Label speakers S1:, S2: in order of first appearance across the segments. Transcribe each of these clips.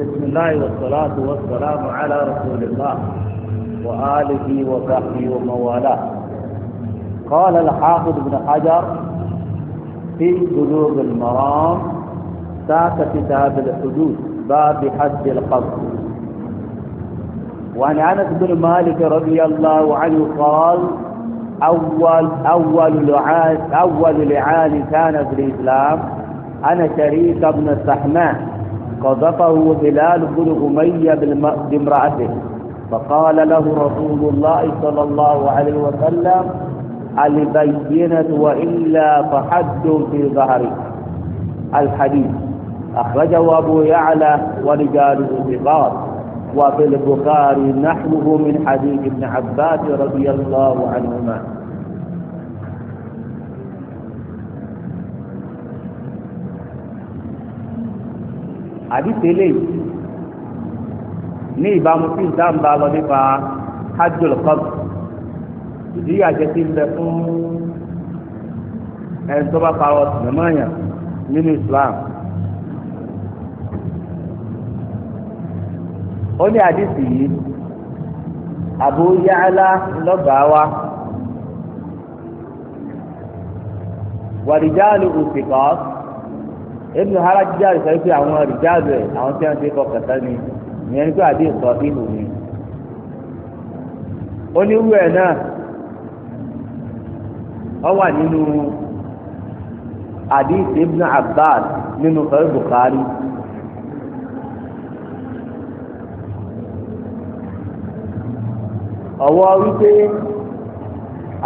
S1: بسم الله والصلاة والسلام على رسول الله وآله وصحبه وموالاه قال الحافظ ابن حجر في بلوغ المرام ساق كتاب الحدود باب حد القصد وعن انس بن مالك رضي الله عنه قال اول اول لعان اول لعان كان في الاسلام انا شريك بن سحمان قذفه بلال بن أمية بامرأته فقال له رسول الله صلى الله عليه وسلم البينة وإلا فحد في ظهري الحديث أخرجه أبو يعلى ورجاله ثقات وفي البخاري نحوه من حديث ابن عباس رضي الله عنهما àdìsẹ́lẹ̀ ní ìbámu sí ìdáǹbà lọ nípa hajjul qab ìdí àjẹ tí ń bẹ fún ẹni tó bá parọ́ mẹ́mọ́ọ̀yàn nínú Islam. ó ní àdìsí yìí Abu Ya'la lọ́gàá wa wàdìjáàlú òsìkọ́sì. Ibn Hajjaj sọ pé àwọn rìjáàbù ẹ̀ àwọn tí wọ́n ti kọ kàtá ni ìyẹn ní pé àdé sọ ni. onírú ẹ̀ náà ọ wà nínú hadith Ibn Abbas nínú fẹ́ẹ́ Bukhari. ọwọ́ wípé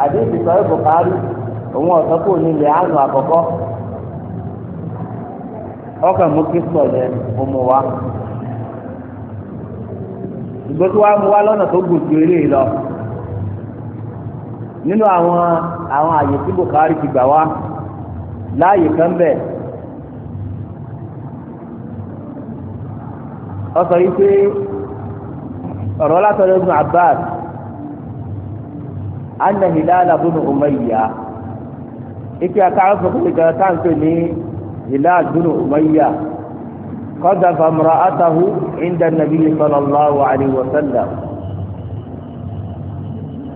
S1: àdéhùn sọ̀rọ̀ Bukhari òun ọ̀sán ilẹ̀ àánú àkọ́kọ́. ọkàn mú kí sọ yẹn mo mú wa ìgbé tí wàá mú wa lọ́nà tó gùn ju eré lọ nínú àwọn àwọn àyè tí Bukhari ti gbà wá láàyè kan bẹ̀ ọ sọ yìí pé ọ̀rọ̀ látọ̀dọ̀ ibn Abbas anna Hilal ibn Umayya ike akáwọn fún mi kan táǹpẹ̀ ní. Hilal bin Umayya qadafa imra'atahu inda nabi sallallahu alayhi wa sallam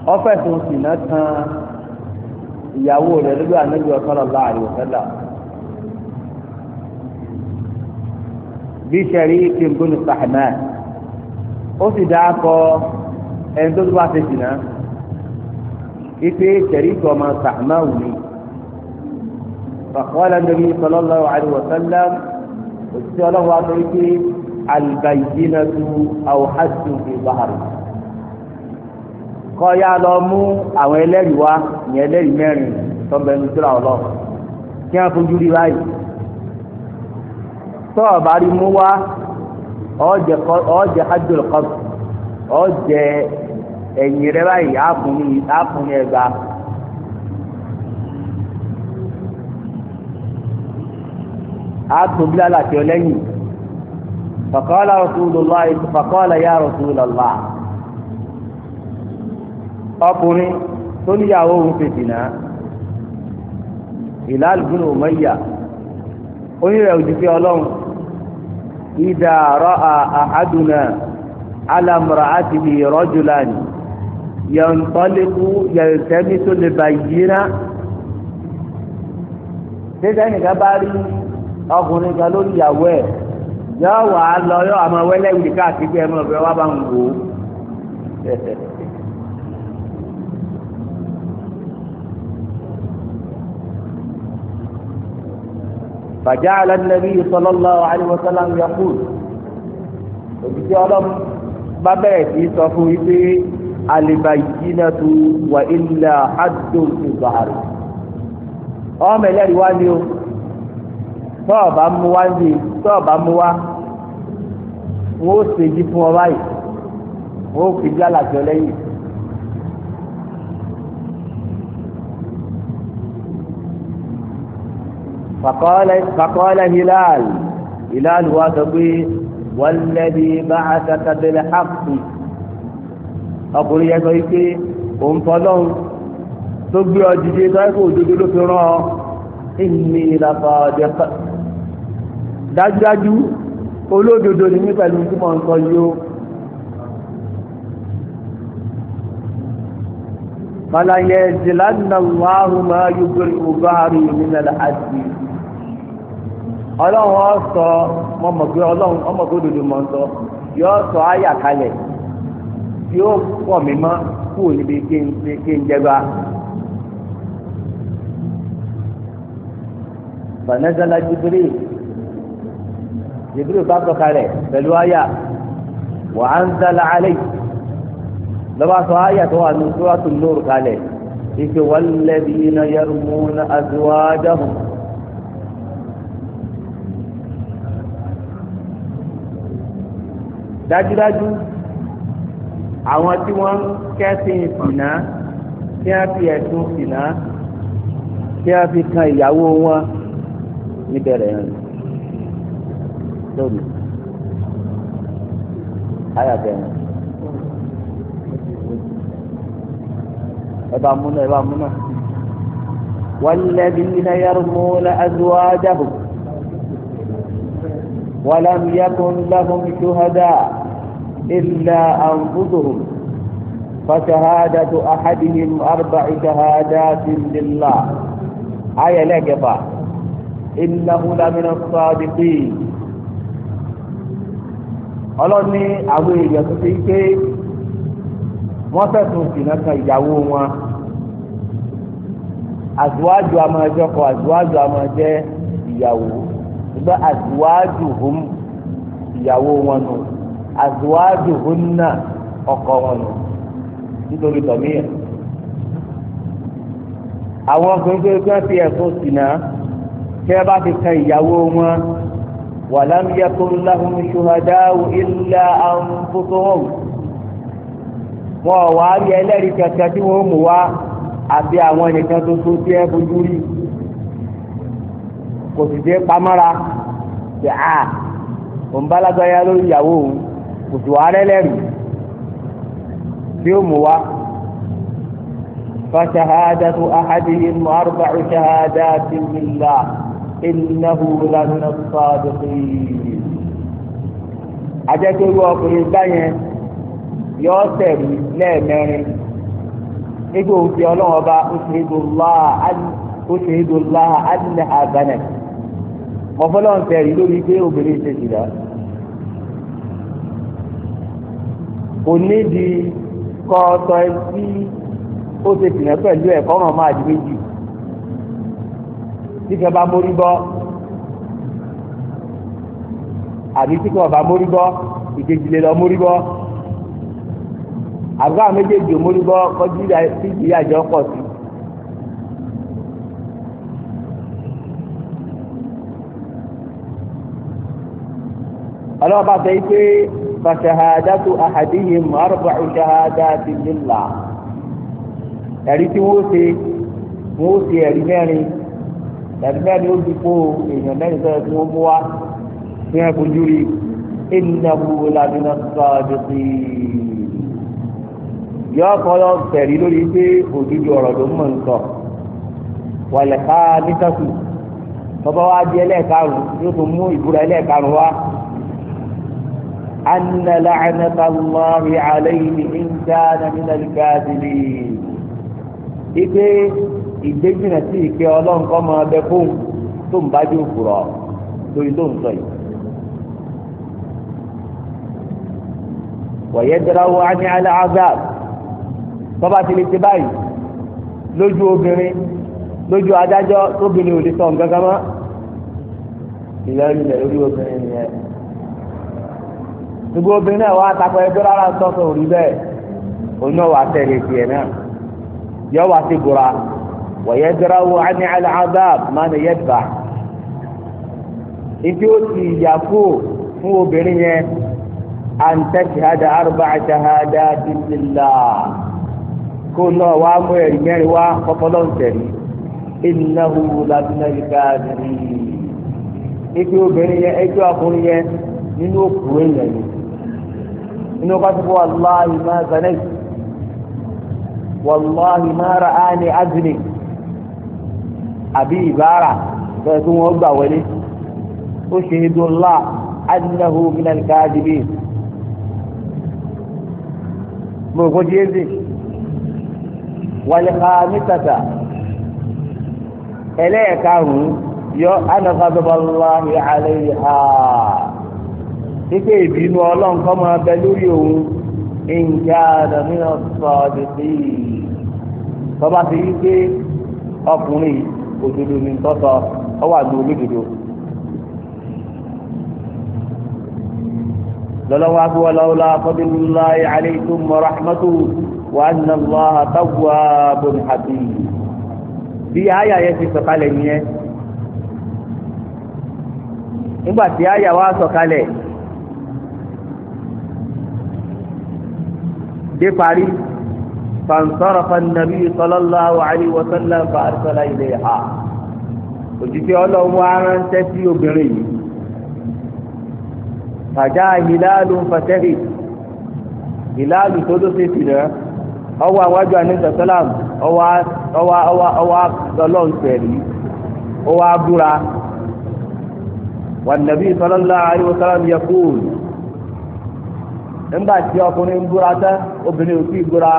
S1: ọfẹsùn sìnà kan ìyàwó rẹ̀ lórí anabi sallallahu alayhi wa sallam bí sẹríkì bin Sahman ó sì dáa kọ ẹni tó tó bá ti sìnà ipe sẹríkì ọmọ Sahman wù mí. فقال النبي صلى الله عليه وسلم قلت له عليك البينة أو حد في ظهر kọ́ ya lọ mú àwọn ẹlẹ́rìí wá ìyẹn ẹlẹ́rìí mẹ́rin tó ń bẹnu síra ọ̀lọ́ kí wọ́n fojú rí báyìí tó o bá rí mú wá ọ̀ọ́jẹ hajjul qabr ọ̀ọ́jẹ ẹ̀yìn rẹ báyìí á fún ní ẹgbàá àtúbí lálàtì ọlẹ́yìn fàkọ́lá rasulullah fàkọ́lá ya rasulullah ọkùnrin tó níyàwó òun fèsì náà Hilal bin Umayya onírẹ̀ òjìṣẹ́ ọlọ́run ìdá ra'a ahaduna ala imra'atihi rajulan yantaliqu yaltamisu al-bayyina. ṣé sẹ́yìn ká bá rí ọkùnrin kan lórí ìyàwó ẹ̀ yọ wà á lọ yọ àmọ́ wẹ́lẹ́wìlì káàkiri ẹ̀ mọ̀ bẹ́ẹ̀ wá bá ń wò ó. فجعل النبي صلى الله عليه وسلم يقول òjijì ọlọ́mù bá bẹ̀rẹ̀ sí sọ fún yìí pé alìbàjínàtú wà ilà àdùn ìbàárẹ̀ ọmọ ẹlẹ́rìí wá ní o tọ́ọ̀bá mú wá ń di tọ́ọ̀bá mú wá wọ́n ó ṣèjì fún ọ báyìí wọ́n ó fi jálà jọ lẹ́yìn. فقال هلال هلال واتقي والذي بعثك بالحق ọkùnrin yẹn sọ wípé òun fọlọ́run tó gbé ọ dìde tó ẹ kó òdodo ló fi rán ọ ìmì ìlàpá dájúdájú olódodo ni mí pẹ̀lú tí mo ń sọ yìí o. fàlàyé wàhùn máa yúgbèrè ògbáàrí nínú àti ọlọ́run ọ̀sọ́ mọ̀mọ́gbé ọlọ́run ọmọgbé òdodo mọ̀ ń sọ yóò sọ àyà kalẹ̀ yóò pọ̀ mí mọ́ níbi kí n jẹba. jibril bá sọ̀kalẹ̀ pẹ̀lú àyà wa anzala alayhi lọ́ba sọ àyà tó wà ní suratul nur kalẹ̀ ike walladhina yarmuna azwajahum. dájúdájú àwọn tí wọ́n ń kẹ́sìn ìsìnà tí wọ́n fi ẹ̀sùn ìsìnà tí wọ́n fi kan ìyàwó wọn níbẹ̀rẹ̀ yẹn. دوري هيا أنا إبامنا إبامنا والذين يرمون أزواجهم ولم يكن لهم شهداء إلا أنفسهم فشهادة أحدهم أربع شهادات لله آية لك إنه لمن الصادقين ọlọ́run ní àwọn èèyàn tó ti pé wọ́n fẹ̀sùn ìsìnà kan ìyàwó wọn àzùwájú amájọkọ àzùwájú amájẹ ìyàwó ṣùgbọ́n àzùwájú hùm ìyàwó wọn nù àzùwájú hùm náà ọkọ wọn nù nítorí tọ̀mí ẹ̀. àwọn ọkùnrin tó ń fi ẹ̀sùn ìsìnà tí wọ́n bá ti kan ìyàwó wọn. ولم يكن لهم شهداء إلا أنفسهم wọn wá rí ẹlẹ́rìí kẹ̀kẹ́ tí wọ́n mú wá àti àwọn nìkan tuntun tí ẹ bójú rí kò sì dé pamọ́ra ṣe à òun bálágbáyà lórí ìyàwó òun kò sì wá rẹ́lẹ́rìí tí ó mú wá. فشهادة أحدهم أربع شهادات بالله innahu lana as-sadiqin ajẹ́kẹ́rú ọkùnrin báyẹn yọ sẹ̀rí lẹ́ẹ̀mẹrin nígbà òfin ọlọ́run ọba oṣèlélọ́lá adìlẹ̀ àgbànẹ̀ mọ̀fọ́lọ́run sẹ̀rí lórí pé obìnrin ṣe agane. kò ní di kọ́ ọ̀tọ̀ ẹ sí ó ṣe jìlá pẹ̀lú ẹ̀kọ́ máa di méjì. tíkẹ́ bá mórí bọ́ àbí tíkẹ́ ọ̀bá mórí bọ́ ìkejì lè lọ mórí bọ́ àbúrò àwọn méjèèjì ò mórí bọ́ kọjú ìyàjọ́ pọ̀ sí. ọlọ́ba sọ yìí pé fàṣàhàdàtú àhàdìyìn márùbáù ṣàhàdàtì lillah ẹ̀rí tí wọ́n ṣe wọ́n ṣe ẹ̀rí mẹ́rin tàbí bẹ́ẹ̀ ni ó ti kó èèyàn mẹ́rin sọ̀rọ̀ tí wọ́n mú wá tí wọ́n fojú rí ìnáwó lábínà sọ̀rọ̀ sí i yọ kọ́ lọ tẹ̀rí lórí pé òjijì ọ̀rọ̀ ló mọ̀ ń sọ wàlẹ̀ ká nítàkù tọ́ba wa di ẹlẹ́ẹ̀karùn yóò tún mú ìbúra ẹlẹ́ẹ̀karùn wá anna la'anata Allahi alayhi in kana min al-kadhibin ipe ìgbéjìnà sí ìkẹ́ ọlọ́run kọ́ máa bẹ fóun tó ń bá jù kúrọ̀ lórí tó ń sọ yìí. wọ̀yẹ́ dẹ́ráwó á ní alẹ́ azab tọ́ba ti lè ti báyìí lójú obìnrin lójú adájọ́ tóbìnrin ò lè sọ nǹkan kan mọ́ ìlọrin lórí obìnrin yẹn. gbogbo obìnrin náà wà á takọ ẹgbẹ́ rárá sọ́kàn òrí bẹ́ẹ̀ oní ọ̀wà tẹ̀lé tiẹ̀ náà yọ wá sí bùra. ويدرأ عني على العذاب ما يدفع ibi ó ti yà kó fún obìnrin yẹn àǹtẹ̀ṣẹ̀hádà arba'ṣẹ̀hádà bíbélà kó náà wá mú ẹ̀rí mẹ́rin wá kọ́kọ́lọ́ ń tẹ̀lé ìnáwó lábínárìká rí i ibi obìnrin yẹn ẹjọ́ ọkùnrin yẹn nínú òkú èèyàn ni inú kásìkò wàláhì máa zanẹ́sì wàláhì azinik àbí ìbára bẹ́ẹ̀ tí wọ́n gbà wọlé ó ṣe é dùn láà ánìyàwó mílíọ̀nù káàdìbì gbogbo jésì wàlẹ̀ kàmítàtà ẹlẹ́ẹ̀karùn-ún yọ anagbadobalami alẹ́ ha ike ìbínú ọlọ́run kọ́ máa bẹ lórí òun nǹkan àdàmínà sọ̀dẹ̀dẹ̀ tọ́ba ti yí pé ọkùnrin yìí. òdodo ní tọ́tọ̀ ọwọ́ àgbo olódodo. lọ́lọ́wọ́ àbí wọ́n lọ́wọ́ fadlullahi alaykum wa rahmatuhu wa anna Allaha tawwabun hakim. bí àyà yẹn ti sọ̀kalẹ̀ nìyẹn nígbà tí àyà wa sọ̀kalẹ̀ dé parí. فانصرف النبي صلى الله عليه وسلم فأرسل إليها òjijì ọlọ́run wa ránṣẹ́ sí obìnrin yìí fàjà ìlàlù fàtẹ́rì ìlàlù tó ló ṣe tìrẹ́ ọwọ́ àwájú anisa sálàm ọwọ́ ọwọ́ ọwọ́ ọlọ́run tẹ̀lé ọwọ́ abúra wọn nàbí sọlọ́lá àríwọ̀ sálàm yẹ kúùn nígbà tí ọkùnrin ń búra tán obìnrin ò sí búra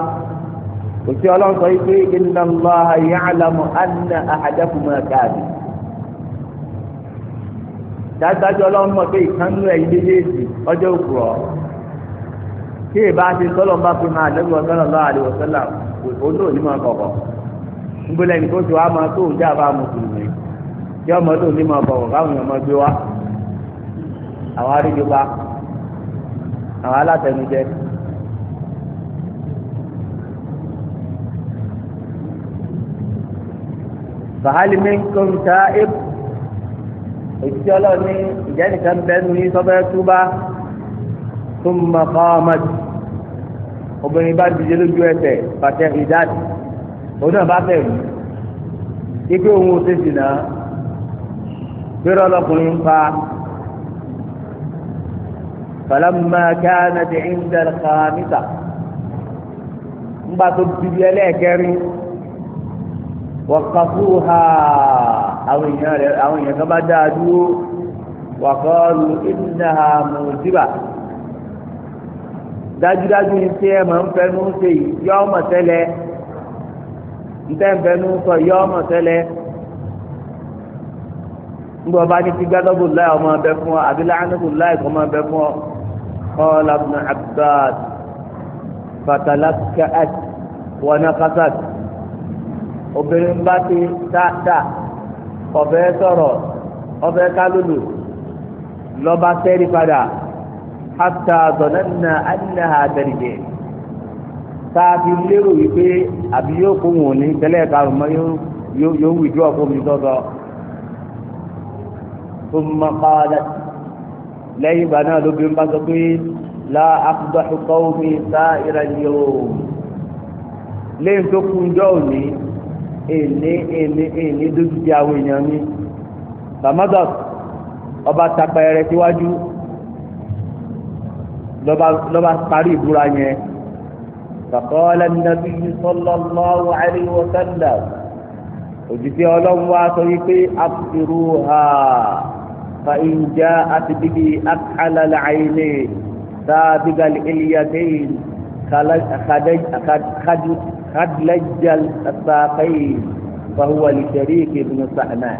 S1: òsì ọlọ́run sọ yìí pé inna Allaha ya'lamu anna ahadakuma káàdì dájúdájú ọlọ́run mọ̀ pé ìkànnú ẹ̀ yìí méjèèjì ọjọ́ òkùrọ̀ tí ìbá ti sọ́lọ̀ bá fi máa lẹ́nu ọ̀sán lọ́wọ́ àdìwọ̀sọ́là òun ò ní máa kọ̀kọ̀ nígbàlẹ̀ ní kó ti wá máa tó òjá bá mùsùlùmí tí ọmọ tó ní kọ̀kọ̀ káwọn èèyàn máa gbé wá àwọn arígbé bá àwọn alátẹnujẹ fàhálì minkum ta'ib òṣìṣẹ́ ọlọ́run ní ìjẹ́ nìkan bẹ́ẹ̀nu yín sọ́fẹ́ túbá thumma qamat obìnrin bá dìde lójú ẹsẹ̀ pàṣẹ ìdáàdì òun náà bá bẹ̀rù ike òun ò tẹ̀sí náà gbéra ọlọ́kùnrin ń pa falamma kanat 'inda ńgbà tó dìbí ẹlẹ́ẹ̀kẹrin wakafuha àwọn èèyàn rẹ̀ àwọn èèyàn kan bá dáa dúró wàkọọlù ìnáha mùsíbà dájúdájú ní tí ẹ máa ń fẹnu ṣe yìí yọ ọmọ tẹ́lẹ̀ ntẹ́ ń fẹnu sọ yọ ọmọ tẹ́lẹ̀ ńgbọ́ bá ní ti gbàdọ́gbò láì ọmọ abẹ fún ọ àbí láàánúkù láì kọ́ ọmọ abẹ fún ọ kọ́ọ̀lá ibn Abbas fatalakkat wa naqasat. obìnrin bá ti dáadáa ọbẹ̀ sọ̀rọ̀ ọbẹ̀ kálùlù lọ́ba sẹ́rí padà hàtà zọ̀nàmìnà àdínà àbẹ̀rẹ̀dẹ̀ tá a fi lérò wípé àbí yóò kó wọn ní tẹ́lẹ̀ karùn mọ́ yóò wìdúrà mi tó lẹ́yìn ìgbà náà lóbìnrin bá la akudọ̀ṣukọ́ omi èlé èlé èlé dójú ti àwọn èèyàn mi bàmọ́dọ̀ ọba tapẹ̀rẹ̀ síwájú lọ́ba parí ìbúra yẹn faqala an-nabiyyu sallallahu alayhi wa sallam òjìṣẹ́ ọlọ́run wa sọ wípé aftiruha fa in ja'at bihi akhala al-'aynayn sabiga al-ilyatain قد لج الساقين فهو لشريك بن سعمان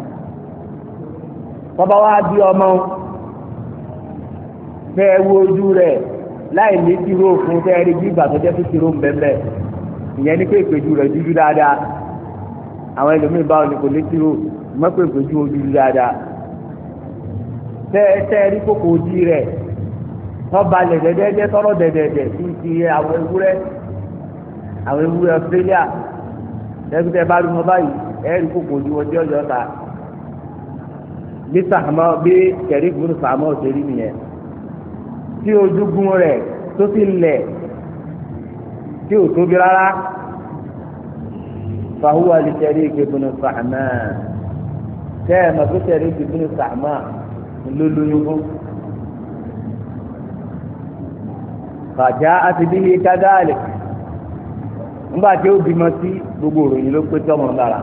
S1: tọ́báwá bí ọmọ fẹ́ wo ojú rẹ̀ láì ní tìró fún fẹ́ rí bí ìgbà tó jẹ́ fún tìró ńbẹ́ńbẹ́ ìyẹn ní pé ìpèjú rẹ̀ dúdú dáadáa àwọn ẹlòmíín báwo ni kò ní tìró mọ́pẹ́ ìpèjú ojú dáadáa fẹ́ fẹ́ rí kòkò ojú rẹ̀ tọ́balẹ̀ dẹ́dẹ́dẹ́ tọ́rọ̀ dẹ̀dẹ̀dẹ̀ ti ti àwọn ewúrẹ́ àwọn ewúrẹ́ Australia lẹ́gbẹ̀ẹ́ bá rí wọn báyìí ẹ̀rí kòkò ju ọjọ́ ọjọ́ ta bí sàmọ́ bí kẹ̀rí gbóná sàmọ́ òṣèré nìyẹn tí ojúgun rẹ̀ tó ti lẹ̀ tí ò tóbi rárá fàhùwà lè kẹ̀rí gbóná sàmọ́ tẹ́ ẹ̀ mọ̀ pé kẹ̀rí gbóná sàmọ́ ló lóyún fún. fàjá àti bíi kádàlì nígbà tí ó bímọ sí gbogbo òròyìn ló pé tọmọ lára.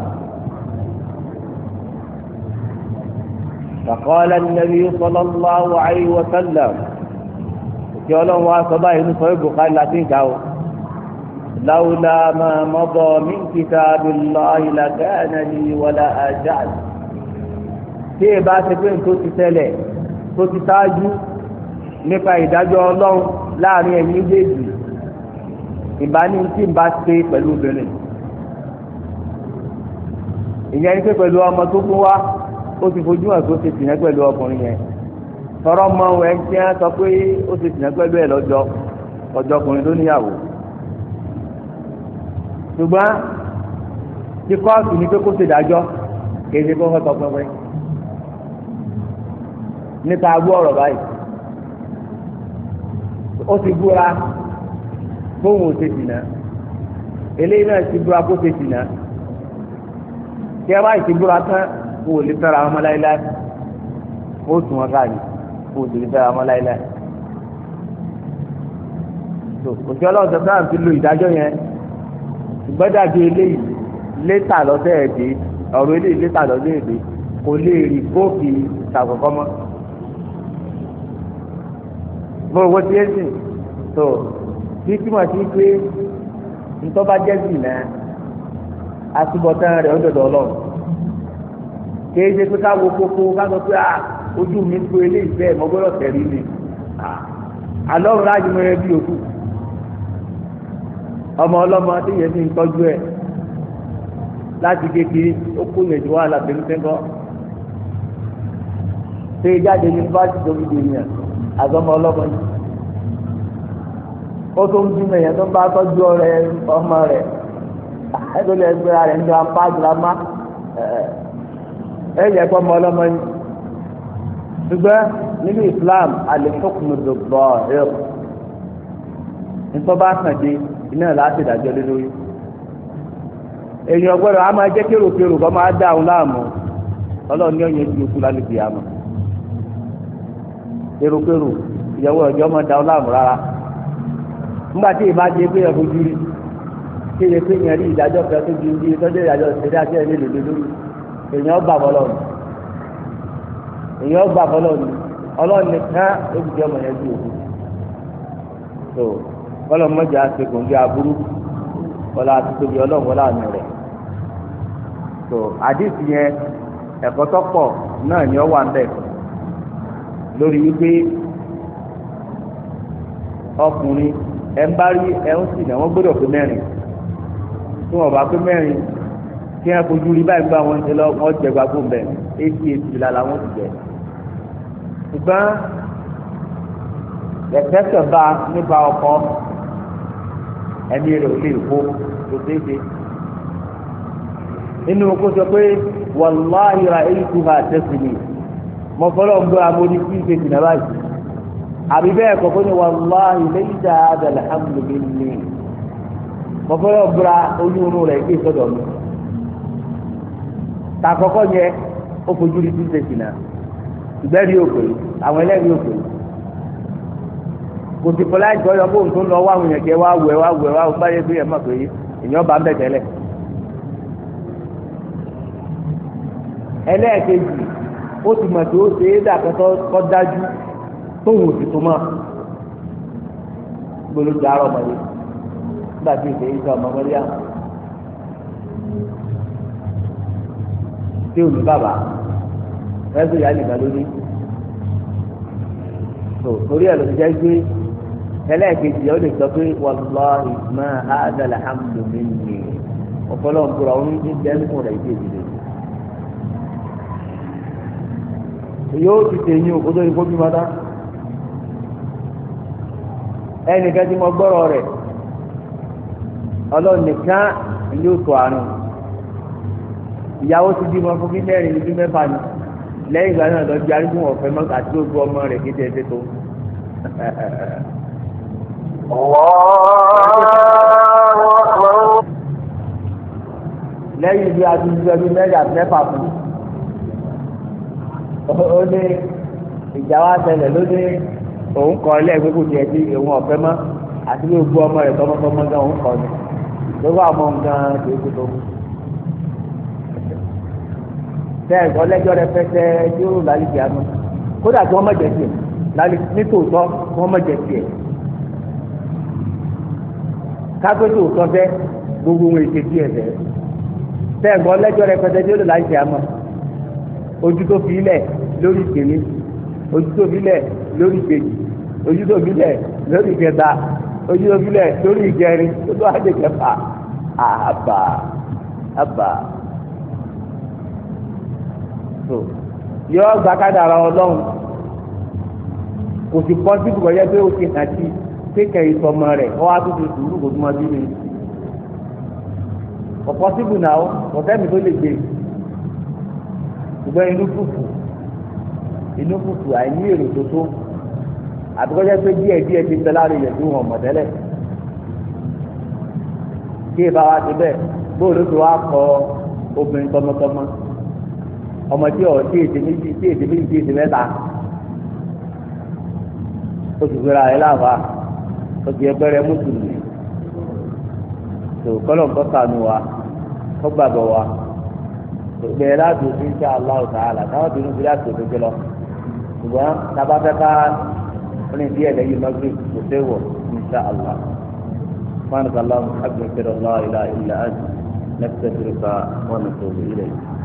S1: فقال النبي صلى الله عليه وسلم tí ọlọ́run wá sọ báyìí ní sọ́yìn bùkárí láti ń kà ó láwùlá máa mọ́bọ̀ mí kìtà lọ ìlàgá ẹ̀nàlì wọlé àjà tí èbá ṣe pé tó ti tẹ́lẹ̀ tó ti ṣáájú nípa ìdájọ́ ọlọ́run láàrin ẹ̀yìn méjèèjì ìbání tí ń bá ṣe pẹ̀lú obìnrin ìyẹn ni pé pẹ̀lú ọmọ tó kún wá ó ti fojú hàn tó ṣe tìǹyẹ pẹ̀lú ọkùnrin yẹn tọrọ mọ ẹ ń tiẹ́ sọ pé ó ṣe tìǹyẹ pẹ̀lú ẹ lọ́jọ́ ọjọ́ ọkùnrin ló níyàwó ṣùgbọ́n ti kóòtù ni pé kó ṣe dájọ́ kì í ṣe kó ń tọ́ pẹ́pẹ́ níta agbó ọ̀rọ̀ báyìí ó ti búra bóun ò ṣe dìnnà eléyìí náà ti búra kó ṣe dìnnà tí a bá ti búra tán kó o lè fẹ́ra ọmọ láéláé kó o tún wọn káàdì kó o lè fẹ́ra ọmọ láéláé tó òṣì ọlọ́run sọ sáà ti lo ìdájọ́ yẹn ìgbẹ́dàgbé eléyìí létà lọ́sẹ̀ èdè ọ̀rọ̀ eléyìí létà lọ́sẹ̀ èdè kò lè rí bóòkì ìtàkọ́kọ́ mọ́ bó o yé sìn tó. ní túmọ̀ sí pé ntọ́ba jẹ́ zìnà asubọ̀tán rẹ̀ ọ̀dọ̀dọ̀ ọlọ́run kìí ṣe pé káwo kókó ká sọ pé ah, ojú mi tó eléyìí bẹ́ẹ̀ mọ́ gbọ́dọ̀ tẹ̀lé mi alọ́run ah, láàyè bí òkú ọmọ ọlọ́mọ tí yẹn ti ń tọ́jú ẹ̀ láti kékeré ó kó yẹn ju wàhálà ṣé jáde tó fi dè ọlọ́mọ yìí. ó tó ń bímọ èèyàn tó ń bá tọ́jú ọ̀rẹ́ ọmọ rẹ̀ ẹgbẹ́ ẹgbẹ́ rẹ̀ ń dra pa ẹ yẹ kọ́ ọmọ ọlọ́mọ nínú Islam alẹ́kùnkùn dùgbọ́ nípa bá dé iná láti dàjọ́ lé lórí èèyàn gbọ́dọ̀ a máa jẹ́ máa láàmú ọlọ́run ní ọ̀yẹ́ ju okú lálẹ́ ìyàwó láàmú nígbà tí ìbá jẹ pé ẹ̀bùn júrí kí lè pé yẹn rí ìdájọ́ kan tó ju ibi tọ́jú ìdájọ́ ìṣẹ̀dá tí ẹni lòdò lórí èèyàn gbà bọ́lọ̀ ni èèyàn gbà bọ́lọ̀ ni ọlọ́run nìkan ó ti jẹ́ ọmọ yẹn ju òkú tó bọ́lọ̀ mọ́jà ṣe kò ń gbé aburú bọ́lá àti tóbi ọlọ́run wọlé àmì rẹ̀ tó àdìsí yẹn ẹ̀kọ́ tọ́pọ̀ náà ni ọ wà ń bẹ̀ lórí wípé ọkùnrin ẹ ń bá rí ẹ ń sìn náà wọ́n gbọ́dọ̀ pé mẹ́rin tí wọ́n bá pé mẹ́rin kí wọ́n fojú rí báyìí gba wọn lọ wọ́n jẹ gbàgbó mbẹ́ eighty eight bìlà làwọn ti jẹ ṣùgbọ́n lẹ́tẹ̀sẹ̀ bá nípa ọkọ ẹ̀mí rẹ̀ ò lè kó tó déédé inú kó sọ pé wàláhìrà èyí tó bá tẹ̀sí mi mo fọlọ́ ń gbọ́ amóni kí n ṣe tìǹbà báyìí àbí bẹ́ẹ̀ kọ́kọ́ ni wàláhi lẹ́yìn dáadáa alhamdulilayi kọ́kọ́ yóò bra onírúurú rẹ̀ gbé sọ́dọ̀ mi ta kọ́kọ́ yẹ ó fojú rí tún tẹ̀sí náà ìgbẹ́rì òkè àwọn ẹlẹ́rìí òkè kò sì fọlá ìjọ yọ bóun tó ń lọ wáhùn yẹn kẹ wá wẹ wá wẹ wá wọ́n bá yẹ kó yẹ mọ̀ pé èèyàn bá ń bẹ̀ tẹ́lẹ̀ ẹlẹ́ẹ̀kejì ó ti mọ̀ tó ṣe é dà kọ́ dájú tóun òsì tó máa gbolo jaarọ ọmọdé nígbà tí ìfẹ́ yìí sọ ọmọ ọmọdé yà tí òní bàbá ẹsẹ ìyá nìkan ló ní tó torí ẹ ló ti jẹ gbé ẹlẹ́ẹ̀kejì ó lè sọ pé wàlláhi máa àádọ́là hàmdùmí nì ọ̀pọ̀lọpọ̀ nǹkan ọ̀hún ní dẹ́kun rẹ̀ ìdí èdè yóò ti tẹ̀yìn òkú tó ní dá. ẹnìkan tí mo gbọ́rọ̀ rẹ̀ ọlọ́run nìkan ìlú òtò àrùn ìyàwó ti bímọ fún bí mẹ́rin mẹ́fà ni lẹ́yìn ìgbà náà lọ di arúgbó ọ̀fẹ́ mọ́ àti ọmọ rẹ̀ kéde ẹsẹ̀ tó. lẹ́yìn bí a ti òun kọ ilé ẹgbẹ́ kò tiẹ̀ sí òun ọ̀fẹ́ mọ́ àti gbogbo ọmọ rẹ̀ tọmọtọmọ gan òun kọ ni gbogbo àwọn ọmọ gan kò é kótó. bẹ́ẹ̀ ọlẹ́jọ́ rẹpẹtẹ yóò lálejò àná kódà tí wọ́n mọ̀jẹ̀ tiẹ̀ nítòótọ́ tí wọ́n mọ̀jẹ̀ tiẹ̀ kápẹ́tò sọ fẹ́ gbogbo ohun èsè tiẹ̀ fẹ́ bẹ́ẹ̀ gbọ́ lẹ́jọ́ rẹpẹtẹ tí ó lè láti àmọ́ ojú tó fi lẹ̀ lórí ìkíní ojú tó fi lẹ̀ lórí ìkejì ojúdòbílẹ̀ lórí ìkẹta ojúdòbílẹ̀ lórí ìkẹrin tó tó àjẹ kẹfà àbà àbà so yọ gbàkádà ara ọlọ́run kò sì pọ́ sí kòkòrò yẹn pé o ti hàn sí kékeré ìsọmọ rẹ̀ ọ wá tó ti sùúrù kò tó máa bí mi ọ̀pọ̀ síbù náà ọ̀tẹ́mi tó lè gbé ṣùgbọ́n inú fùfù inú fùfù àìní èrò tó tó àbíkọ́jẹ́ pé díẹ̀ díẹ̀ ti bẹ láàrin yẹn tó hàn mọ̀ tẹ́lẹ̀ kí ìbá wa ti bẹ́ẹ̀ bóòlù tó wá kọ obìnrin tọmọtọmọ ọmọ tí ọ̀ tí èdè méjì tí èdè méjì tí èdè mẹ́ta ó ti gbéra ẹ̀ láàbà ó ti ẹgbẹ́rẹ́ mùsùlùmí tó kọ́lọ̀ nǹkan kànú wa kọ́ gbàgbọ́ wa bẹ́ẹ̀ láti òfin ṣe aláwọ̀ sàálà táwọn tó ń fi láti òfin ṣe lọ ṣùgbọ́n tábàfẹ́ ká ولن يدعى أي مغرب وسوى إن شاء الله سبحانك اللهم الله لا إله إلا أنت نستغفرك ونتوب إليك